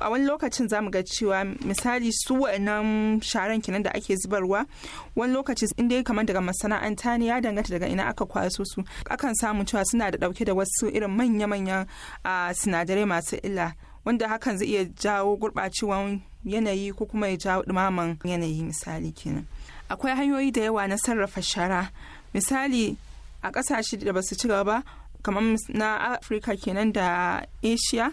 a wani lokacin za mu ga cewa misali su wa'annan sharan kenan da ake zubarwa wani lokaci indai dai kamar daga masana'anta ne ya danganta daga ina aka kwaso su akan samu cewa suna da dauke da wasu irin manya-manyan sinadarai masu illa wanda hakan zai iya jawo gurɓacewan yanayi ko kuma ya jawo ɗumaman yanayi misali kenan akwai hanyoyi da yawa na sarrafa shara misali a ƙasashe da ba su ci gaba kamar na afirka kenan da asia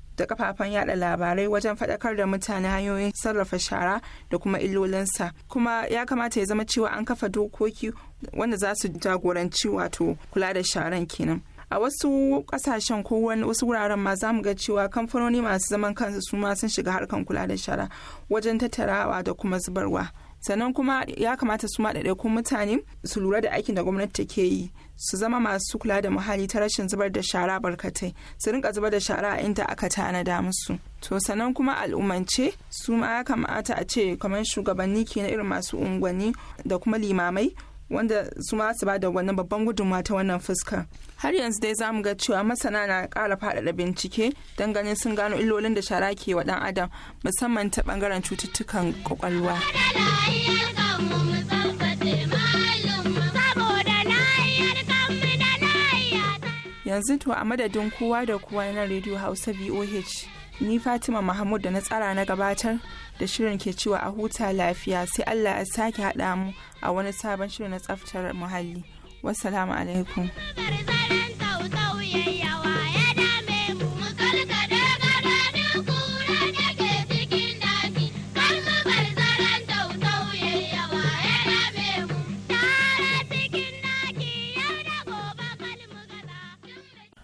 da kafafen yada labarai wajen faɗakar da mutane hanyoyin sarrafa shara da kuma illolinsa kuma ya kamata ya zama cewa an kafa dokoki wanda za su jagoranci wato kula da sharan kenan a wasu kasashen ko wasu wuraren ma zamu ga cewa kamfanoni masu zaman kansu su ma sun shiga harkan kula da shara wajen tattarawa da kuma zubarwa sannan kuma ya kamata su kun mutane su lura da aikin da gwamnati take yi su zama masu kula da muhalli ta rashin zubar da shara barkatai su rinka zubar da shara a inda aka tanada musu to sannan kuma al'umance su ma ya kamata a ce kamar shugabanni ke na irin masu unguwanni da kuma limamai wanda su ma su da wannan babban gudunmawa ta wannan fuska har yanzu dai zamu ga cewa masana na kara faɗaɗa bincike don ganin sun gano illolin da shara ke wa dan adam musamman ta bangaren cututtukan ƙwaƙwalwa. yanzu to a madadin kowa da kowa na radio hausa boh. ni fatima mahmud da na tsara na gabatar da shirin ke cewa a huta lafiya sai allah ya sake haɗa mu a wani sabon shirin na tsaftar muhalli wassalamu alaikum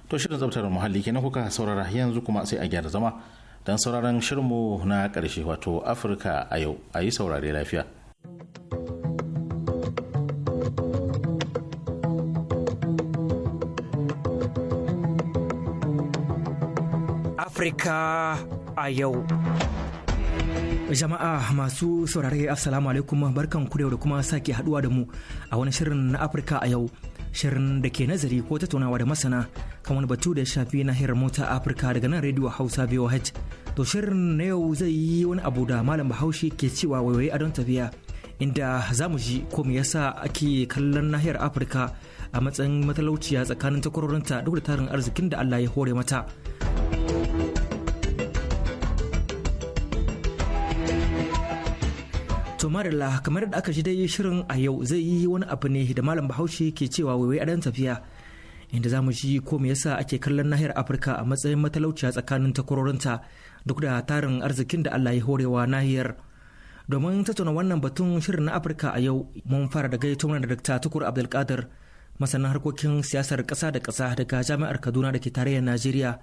to shirin zabtar muhalli kenan kuka saurara yanzu kuma sai a gyara zama don sauraron shirinmu na karshe wato afirka a yau a yi saurare lafiya afirka a yau Jama'a masu saurare Assalamu alaikum barkan ku da kuma sake haduwa da mu a wani shirin na Afirka a yau. shirin da ke nazari ko tattaunawa da masana kan wani batu da ya shafi nahiyar mota afirka daga nan rediyo hausa voh to shirin na yau zai yi wani abu da malam bahaushe ke cewa waiwaye a don tafiya inda za mu ji ko me yasa ake kallon nahiyar afirka a matsayin matalauciya tsakanin takwarorinta duk da tarin arzikin da allah ya hore mata To Marilla kamar da aka shi dai shirin a yau zai yi wani abu ne da Malam Bahaushe ke cewa waiwai adan tafiya inda za mu ji ko me yasa ake kallon nahiyar Afirka a matsayin matalauciya tsakanin takwarorinta duk da tarin arzikin da Allah ya horewa nahiyar. Domin tattauna wannan batun shirin na Afirka a yau mun fara da gaito da Dr. Tukur Abdulkadir masanin harkokin siyasar kasa da kasa daga Jami'ar Kaduna da ke tarayyar Najeriya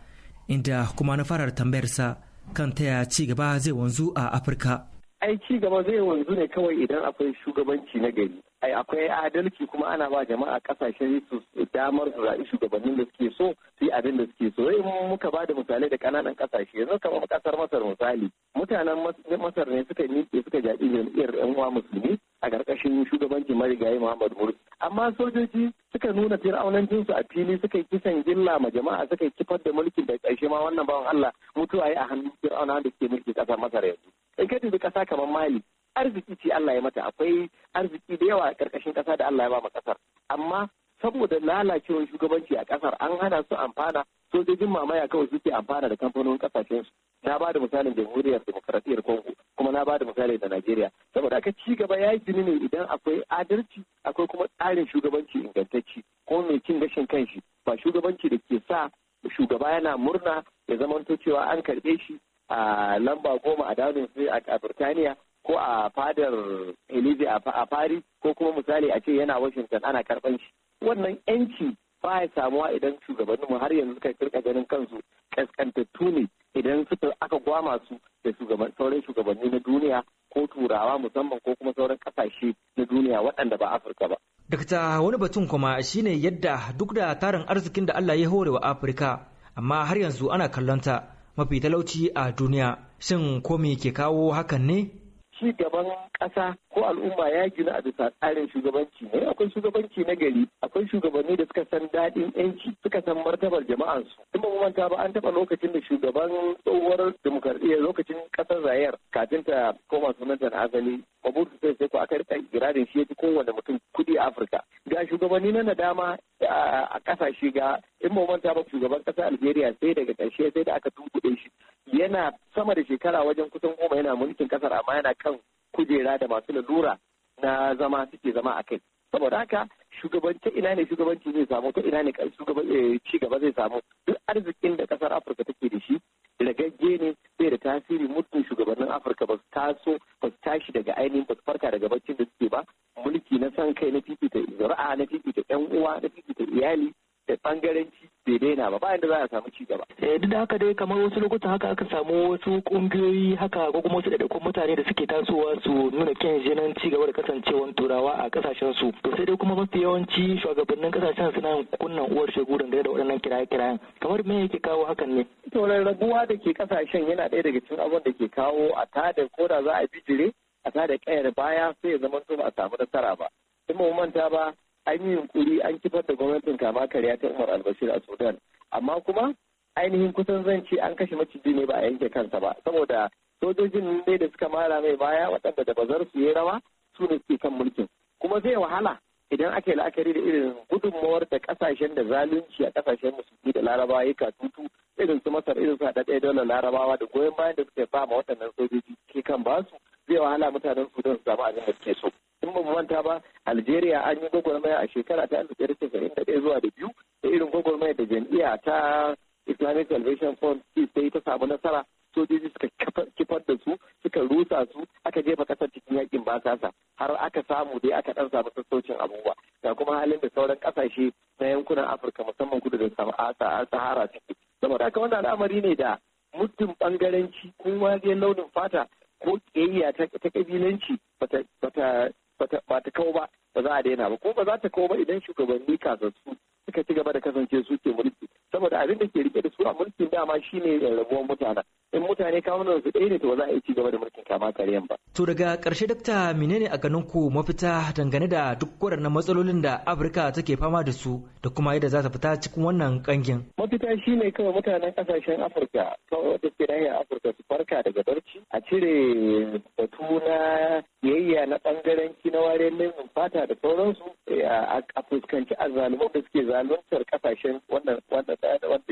inda kuma na fara sa kan ta ya ci gaba zai wanzu a Afirka. ai ci gaba zai wanzu ne kawai idan akwai shugabanci na gari akwai adalci kuma ana ba jama'a kasashen su damar su zaɓi shugabannin da suke so su abin da suke so sai muka ba da misalai da kananan kasashe yanzu kamar kasar masar misali mutanen masar ne suka miƙe suka jaɓi jam'iyyar yan uwa musulmi a ƙarƙashin shugabancin marigayi muhammad mursi amma sojoji suka nuna fir'aunancin su a fili suka yi kisan gilla ma jama'a suka yi kifar da mulkin da ƙarshe ma wannan bawan allah mutuwa yi a hannun fir'auna da suke mulki ƙasar masar yanzu in ka tafi ƙasa kamar mali arziki ce Allah ya mata akwai arziki da yawa a ƙarƙashin ƙasa da Allah ya ba ƙasar amma saboda lalacewar shugabanci a ƙasar an hana su amfana sojojin mamaya kawai suke amfana da kamfanonin ƙasashen su na ba da misalin jamhuriyar demokaratiyyar Congo kuma na ba da misali da Najeriya saboda haka ci gaba ya yi ne idan akwai adalci akwai kuma tsarin shugabanci ingantacci ko mai cin gashin kanshi ba shugabanci da ke sa shugaba yana murna ya zamanto cewa an karɓe shi a lamba goma a downing sai a Birtaniya ko a fadar Elize a Paris ko kuma misali a ce yana Washington ana karban shi. Wannan ‘yanci ba ya samuwa idan shugabanninmu har yanzu suka kirka ganin kansu kaskantattu ne idan suka aka gwama su da shugaban sauran shugabanni na duniya ko turawa musamman ko kuma sauran kasashe na duniya waɗanda ba Afirka ba. Dakta wani batun kuma shine yadda duk da tarin arzikin da Allah ya hore wa Afirka amma har yanzu ana kallonta mafi talauci a duniya shin ko ke kawo hakan ne? ci gaban ƙasa ko al'umma ya gina a bisa tsarin shugabanci ne akwai shugabanci na gari akwai shugabanni da suka san daɗin yanci suka san martabar jama'ansu in ba manta ba an taɓa lokacin da shugaban tsohuwar demokradiyya lokacin ƙasar zayar kafin ta koma sunanta na asali mabutu sai sai ko aka rika shi ya ci kowane mutum kuɗi afirka ga shugabanni na nadama a kasashe ga in manta ba shugaban kasa Algeria sai daga ƙarshe sai da aka tunkuɗe shi yana sama da shekara wajen kusan goma yana mulkin kasar amma yana kan kujera da masu lalura na zama suke zama a kai saboda haka shugabanci ina ne shugabanci zai samu ta ina ne eh, ci gaba zai samu duk arzikin da kasar afirka take da shi ragagge ne bai da tasiri muddin shugabannin afirka ba su taso ba su tashi daga ainihin ba su farka daga baccin da suke ba mulki na san kai na fifita zuri'a na fifita yan uwa na fifita iyali da bangaranci bai daina ba bayan da za a samu ci gaba. Eh, duk da haka dai kamar wasu lokutan haka aka samu wasu kungiyoyi haka ko kuma wasu ɗaiɗaikun mutane da suke tasowa su nuna kyan jinan ci gaba da kasancewan turawa a kasashen su to sai dai kuma mafi yawanci shugabannin kasashen suna kunnan uwar shegu dangane da waɗannan kiraye-kirayen kamar me yake kawo hakan ne. to raguwa da ke kasashen yana ɗaya daga cikin abin da ke kawo a tada ko da za a bijire a tada kayar baya sai ya zama ba a samu nasara ba. in mu manta ba an yi yunkuri an kifar da gwamnatin kama karya ta umar albashir a sudan amma kuma ainihin kusan zan an kashe maciji ne ba a yanke kansa ba saboda sojojin ne da suka mara mai baya waɗanda da bazar su yi rawa su ne suke kan mulkin kuma zai wahala idan aka yi la'akari da irin gudunmawar da kasashen da zalunci a kasashen musulmi da larabawa ya katutu irin su masar irin su haɗaɗɗaya dole larabawa da goyon bayan da suka ba ma waɗannan sojoji ke kan basu zai wahala mutanen sudan su zama abin da suke so. in ba manta ba algeria an yi gwagwarmaya a shekara ta alif zuwa da biyu da irin gwagwarmaya da jam'iyya ta islamic salvation fund ta yi ta samu nasara sojoji suka kifar da su suka rusa su aka jefa kasar cikin yakin basasa har aka samu dai aka dan samu sassaucin abubuwa ga kuma halin da sauran kasashe na yankunan afirka musamman kudu da sahara suke saboda haka wannan al'amari ne da muddin bangaranci kuma zai launin fata ko kiyayya ta kabilanci bata ba ta kawo ba ba za a daina ba ko ba za ta kawo ba idan shugabanni kasassu suka ci gaba da kasance su ke mulki saboda abin da ke rike da su a mulkin dama shine rabuwar mutane in mutane da su ɗaya ne to ba za a yi ci gaba da mulkin kama kariyan ba. to daga ƙarshe dakta ne a ganin ku mafita dangane da duk waɗannan matsalolin da afirka take fama da su da kuma yadda za ta fita cikin wannan kangin. mafita shine kawai mutanen ƙasashen afirka kawai wata ke afirka su farka daga barci a cire batu na yayya na ɓangaranci na wariyar launin fata da sauransu eh, a fuskanci azzaluman da suke zaluntar kasashen wannan wanda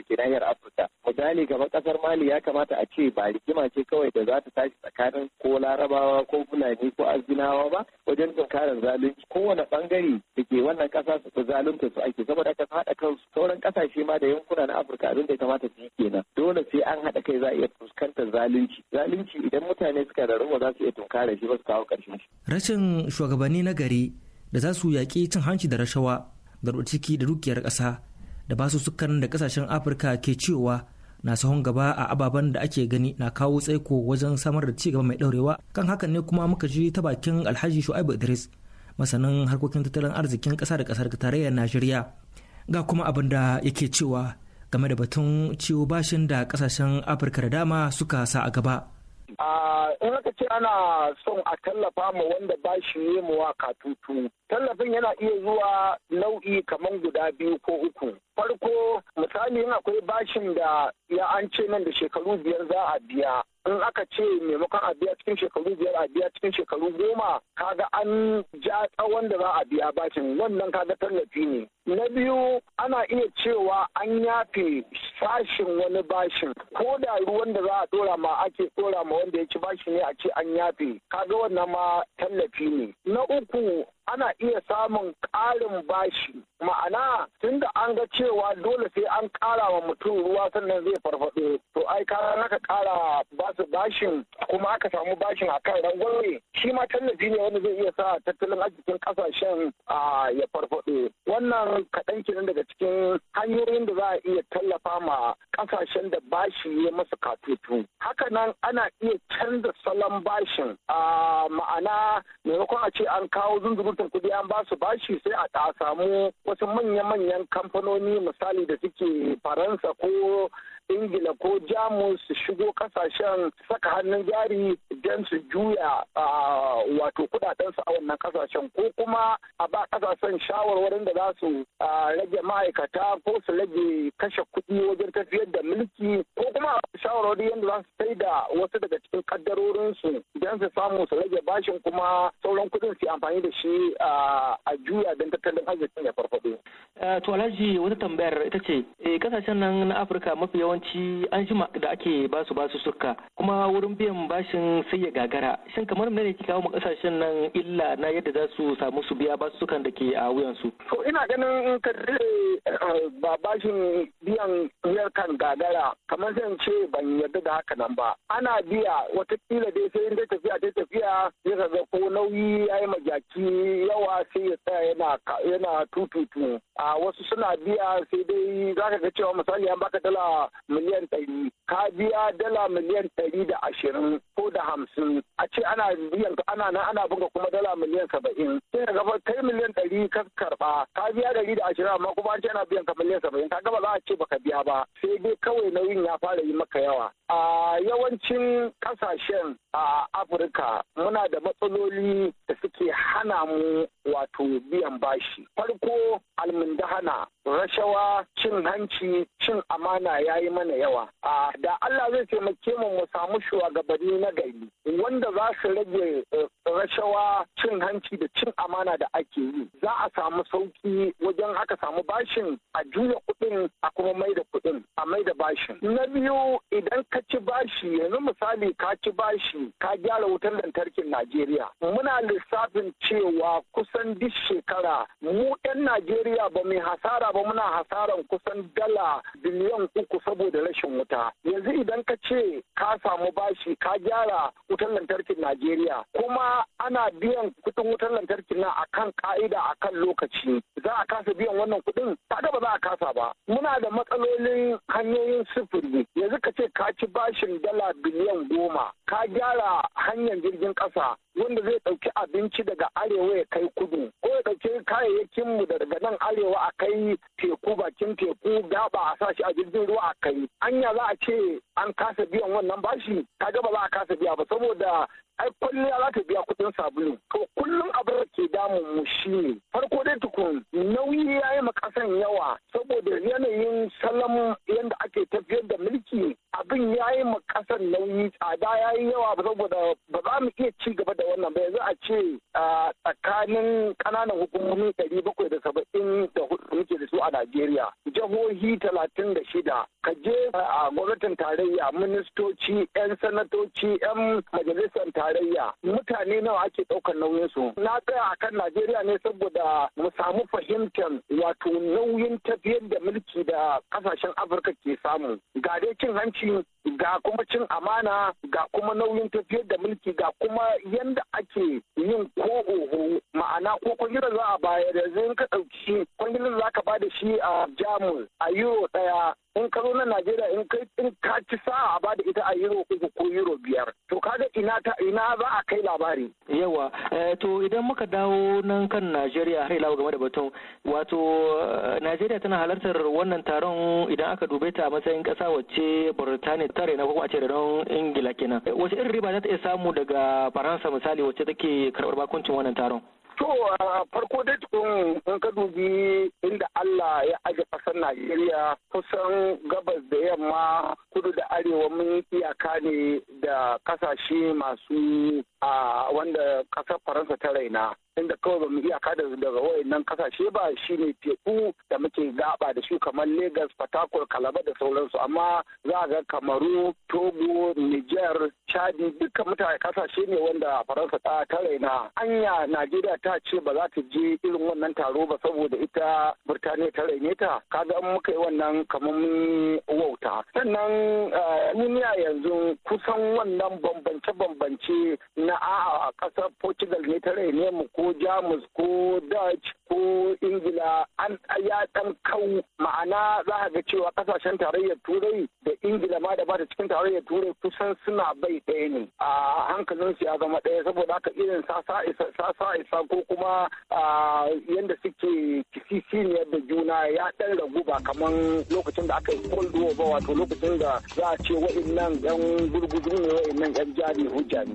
ke nahiyar Afirka. Misali gaban kasar Mali ya kamata a ce ba rigima ce kawai da za ta tashi tsakanin ko Larabawa ko Fulani ko Azginawa ba wajen tunkarar zalunci kowane bangare da ke wannan kasa su zalunta su ake saboda ka haɗa kansu sauran kasashe ma da yankuna na Afirka abin da ya kamata su yi kenan dole sai an haɗa kai za a iya fuskantar zalunci zalunci idan mutane suka da ba za su iya tunkarar shi ba su kawo ƙarshen shi. Rashin shugabanni na gari da za su yaƙi cin hanci da rashawa garba ciki da dukiyar ƙasa da basussukan da kasashen afirka ke cewa na sahun gaba a ababen da ake gani na kawo tsaiko wajen samar da cigaba mai ɗaurewa kan hakan ne kuma muka ji ta bakin alhaji shu'aibu idris masanin harkokin tattalin arzikin ƙasa da ƙasar tarayyar najeriya ga kuma abin da yake cewa game da batun ciwo bashin da ƙasashen afirka da dama suka sa a gaba a in aka ce ana son a tallafa ma wanda ba shi ne mu katutu tallafin yana iya zuwa nau'i kaman guda biyu ko uku farko misali in akwai bashin da ya an ce nan da shekaru biyar za a biya in aka ce maimakon a biya cikin shekaru biyar a biya cikin shekaru goma kaga an ja tsawon da za a biya bashin wannan kaga tallafi ne na biyu ana iya cewa an yafe sashin wani bashin ko da ruwan da za a dora ma ake dora ma wanda ya ci bashi ne a ce an yafe kaga wannan ma tallafi ne na uku ana iya samun ƙarin bashi ma'ana tun da an ga cewa dole sai an ƙara wa mutum ruwa sannan zai farfaɗo to ai ka naka ƙara su bashin kuma aka samu bashin a kan rangwame shi ma tallafi ne wanda zai iya sa tattalin arzikin ƙasashen ya farfaɗo wannan kaɗan kenan daga cikin hanyoyin da za a iya tallafa ma ƙasashen da bashi ya masa katutu Haka nan ana iya canza salon bashin A ma'ana maimakon a ce an kawo zunzuru rahusa kuɗi an ba su bashi sai a samu wasu manya-manyan kamfanoni misali da suke faransa ko ingila ko jamus su shigo kasashen saka hannun jari don su juya wato kudadensu a wannan kasashen ko kuma a ba kasashen shawarwarin da za su rage ma'aikata ko su rage kashe kuɗi wajen tafiyar da mulki ko kuma shawarwari yadda za su sai da wasu daga cikin kaddarorinsu don su samu su rage bashin kuma sauran kuɗin su amfani da shi a juya don tattalin arzikin ya farfaɗo. Eh, to alhaji wata tambayar ita ce eh, kasashen nan na afirka mafi yawan yawanci an jima da ake basu basu suka kuma wurin biyan bashin sai ya gagara shin kamar mene ne ke kawo kasashen nan illa na yadda za su samu su biya su sukan da ke a wuyansu. to ina ganin in ka eh, ba bashin biyan wuyar kan gagara kamar zan ce ban yarda da haka nan ba ana biya wata watakila dai sai in dai tafiya dai tafiya sai ka ga ko nauyi ya yi majaki yawa sai ya tsaya yana yana tututu a wasu suna biya sai dai za ka ga cewa misali an baka dala miliyan ɗari ka biya dala miliyan ɗari da ashirin ko da hamsin a ce ana biyan ana nan ana buga kuma dala miliyan saba'in sai ka gaba kai miliyan ɗari ka karɓa ka biya ɗari da ashirin amma kuma an ce ana biyan ka miliyan saba'in ka gaba za a ce baka biya ba sai dai kawai nauyin ya fara yi maka yawa a yawancin ƙasashen a afirka muna da matsaloli da suke hana mu wato biyan bashi farko almundahana rashawa cin hanci cin amana ya mana yawa a da Allah zai taimake mu mu samu shugabanni na gari wanda za su rage eh, rashawa cin hanci da cin amana da ake yi za a samu sauki wajen aka samu bashin a juya kuɗin a kuma mai da kuɗin a mai da bashin na biyu idan ka ci bashi yanzu misali ka ci bashi ka gyara wutar lantarkin Najeriya muna lissafin cewa kusan duk shekara mu 'yan Najeriya ba mai hasara ba muna hasaran kusan dala biliyan uku saboda saboda rashin wuta yanzu idan ka ce ka samu bashi ka gyara wutar lantarkin najeriya kuma ana biyan kudin wutar lantarkin nan akan ka'ida akan lokaci za a kasa biyan wannan kuɗin Ta ba za a kasa ba muna da matsalolin hanyoyin sufuri yanzu ka ce ka ci bashin dala biliyan goma ka gyara hanyar jirgin ƙasa wanda zai ɗauki abinci daga arewa ya kai kudu ko ya ɗauki kayayyakinmu daga nan arewa a kai teku bakin teku gaba a sashi a jirgin ruwa a kai yi anya za a ce an kasa biyan wannan bashi kaga ba za a kasa biya ba saboda ai kwalliya za ta biya kuɗin sabulu to kullum abin da ke damun mu shine farko dai tukun nauyi ya yi makasan yawa saboda yanayin salon yadda ake tafiyar da mulki abin ya yi makasan nauyi tsada ya yi yawa saboda ba za mu iya ci gaba da wannan ba yanzu a ce tsakanin kananan hukumomi ɗari bakwai da saba'in da hudu muke da su a Najeriya jihohi talatin da shida ka je a gwamnatin tarayya ministoci 'yan sanatoci 'yan majalisar tarayya tarayya mutane nawa ake ɗaukar nauyinsu na a kan najeriya ne saboda mu samu fahimtar wato nauyin tafiyar da mulki da kasashen afirka ke samu ga dai cin hanci ga kuma cin amana ga kuma nauyin tafiyar da mulki ga kuma yanda ake yin ko oho ma'ana ko kwangila za a bayar yanzu in ka ɗauki kwangila za ka ba da shi a jamus a euro ɗaya in ka zo na Najeriya in kai in ka ci sa'a a bada ita a euro uku ko euro biyar to kaga ina ta ina za a kai labari yawa eh, to idan muka dawo nan kan Najeriya har ila game da batun wato eh, Najeriya tana halartar wannan taron idan aka dube ta a matsayin kasa wacce Burtaniya ta raina ko kuma a ce renon Ingila kenan wace irin riba za ta iya samu daga Faransa misali wacce take karɓar bakuncin wannan taron To farko dai tukun in ka dubi inda Allah ya aje ƙasar Najeriya kusan gabas da yamma kudu da arewa mun iyaka ne da ƙasashe masu a wanda ƙasar Faransa ta raina. inda kawai ba mu iya da daga wayannan kasashe ba shine teku da muke gaba da su kamar Legas, Fatakwal, Kalaba da sauransu amma za ga Kamaru, Togo, Niger, Chadi dukkan mutane kasashe ne wanda Faransa ta ta raina. Anya Najeriya ta ce ba za ta je irin wannan taro ba saboda ita Burtaniya ta raine ta kaga an muka yi wannan kamar mun wauta. Sannan eh, duniya yanzu kusan wannan bambance-bambance na a'a a ƙasar Portugal ne ta raine mu ko jamus ko dutch ko ingila an ya dan kau ma'ana za a ga cewa kasashen tarayyar turai da ingila ma da bata cikin tarayyar turai kusan suna bai ɗaya ne a su ya zama ɗaya saboda haka irin sasa isa ko kuma yadda suke kisisiniyar da juna ya ɗan ragu ba kamar lokacin da aka yi cold war ba wato lokacin da za a ce wa'in nan yan gurgudu ne wa'in nan yan jari hujja ne.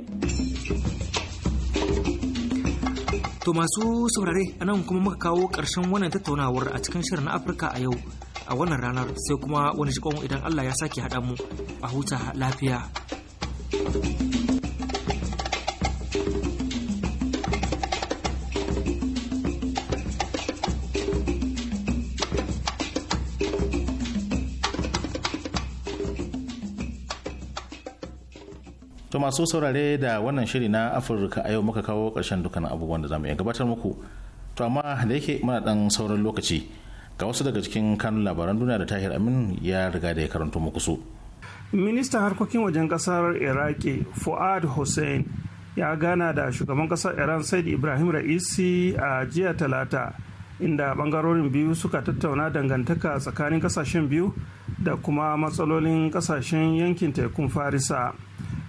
To masu saurare anan kuma muka kawo ƙarshen wannan tattaunawar a cikin shirin na Afirka a yau a wannan ranar sai kuma wani jikon idan Allah ya sake haɗa mu a huta lafiya. thank you to masu saurare da wannan shiri na afirka a yau muka kawo ƙarshen dukkan abubuwan da zamu iya gabatar muku to amma da yake mana ɗan sauran lokaci ga wasu daga cikin kanun labaran duniya da tahir amin ya riga da ya karanto muku su ministan harkokin wajen kasar iraki fuad hussein ya gana da shugaban kasar iran said ibrahim ra'isi a jiya talata inda bangarorin biyu suka tattauna dangantaka tsakanin kasashen biyu da kuma matsalolin kasashen yankin tekun farisa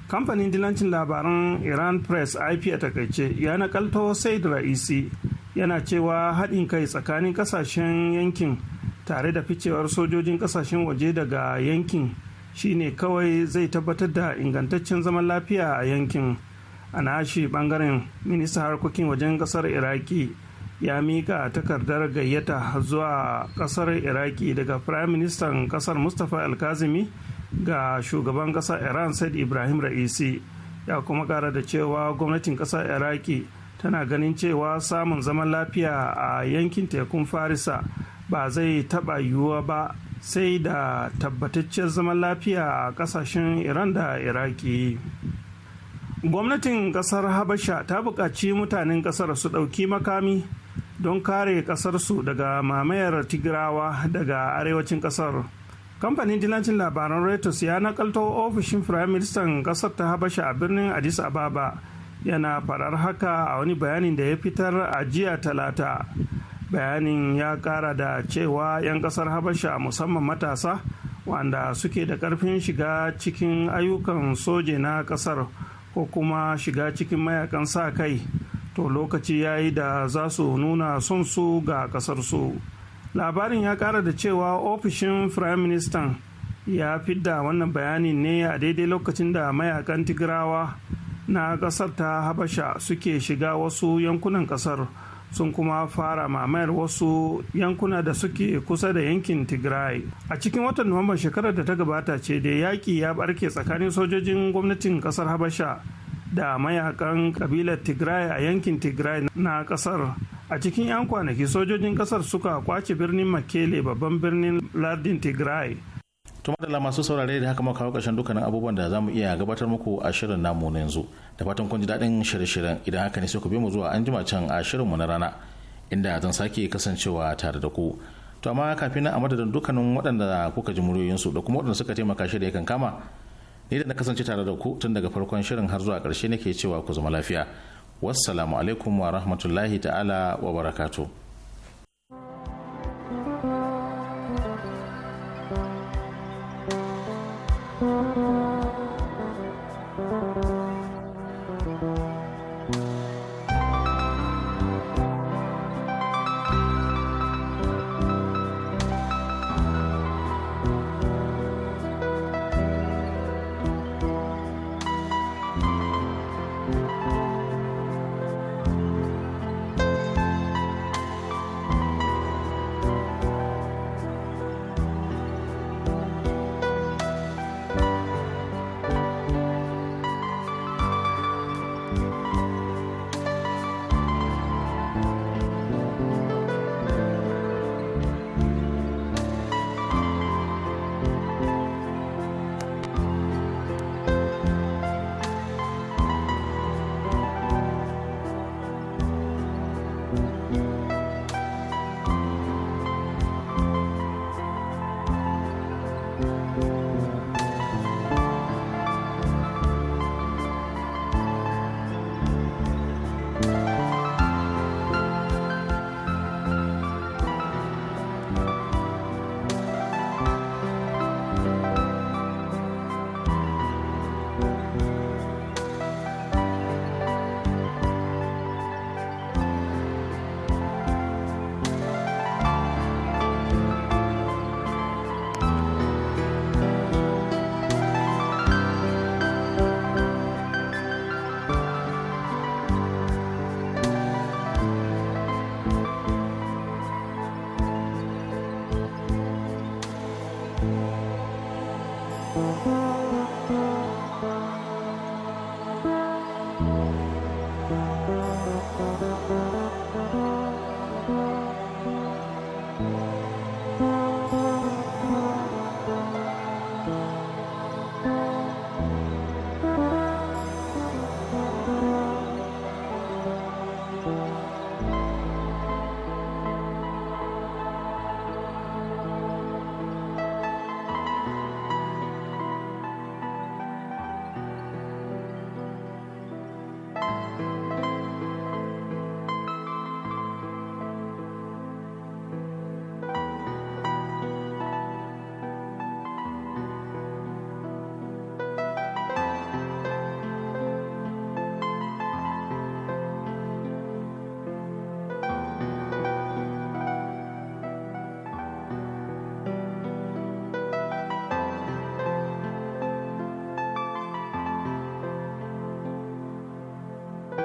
kamfanin dilancin labaran iran press ip a takaice ya nakalto said ra'isi yana cewa haɗin kai tsakanin ƙasashen yankin tare da ficewar sojojin ƙasashen waje daga yankin shine kawai zai tabbatar da ingantaccen zaman lafiya a yankin a nashi bangaren minista harkokin wajen ƙasar iraki ya mika takardar gayyata zuwa ƙasar iraki daga firayim ministan ƙasar mustapha alkazimi ga shugaban ƙasar iran said ibrahim ra'isi ya kuma ƙara da cewa gwamnatin ƙasar iraki tana ganin cewa samun zaman lafiya a yankin tekun farisa ba zai taɓa yiwuwa ba sai da tabbataccen zaman lafiya a ƙasashen iran da iraki gwamnatin ƙasar habasha ta buƙaci mutanen ƙasar su ɗauki makami don kare ƙasarsu daga mamayar tigrawa daga arewacin ƙasar kamfanin dilancin labaran reuters ya nakalto ofishin firaministan kasar ta habasha a birnin addis ababa yana farar haka a wani bayanin da ya fitar a jiya talata bayanin ya kara da cewa 'yan kasar habasha musamman matasa wanda suke da karfin shiga cikin ayyukan soje na kasar ko kuma shiga cikin mayakan sa kai to lokaci ya yi da za su nuna son su ga kasar su. labarin ya kara da cewa ofishin firayim ministan ya da wannan bayani ne a daidai lokacin da mayakan tigrawa na kasar ta habasha suke shiga wasu yankunan kasar sun kuma fara mamayar wasu yankuna da suke kusa da yankin tigray a cikin watan nuwamban shekarar da ta gabata ce da yaƙi ya barke tsakanin sojojin gwamnatin kasar habasha da mayakan kabilar tigray a yankin tigray na kasar a cikin 'yan kwanaki sojojin kasar suka kwace birnin makele babban birnin lardin tigray tuma da masu saurare da haka muka kawo karshen dukkanin abubuwan da za mu iya gabatar muku a shirin namu na yanzu da fatan kun ji daɗin shirye-shiryen idan haka ne sai ku bi mu zuwa an jima can a shirinmu na rana inda zan sake kasancewa tare da ku to amma kafin na a madadin dukkanin waɗanda kuka ji muryoyinsu da kuma waɗanda suka taimaka shi da yakan kama ni da na kasance tare da ku tun daga farkon shirin har zuwa ƙarshe nake cewa ku zama lafiya wassalamu alaikum wa rahmatullahi ta'ala wa barakatuh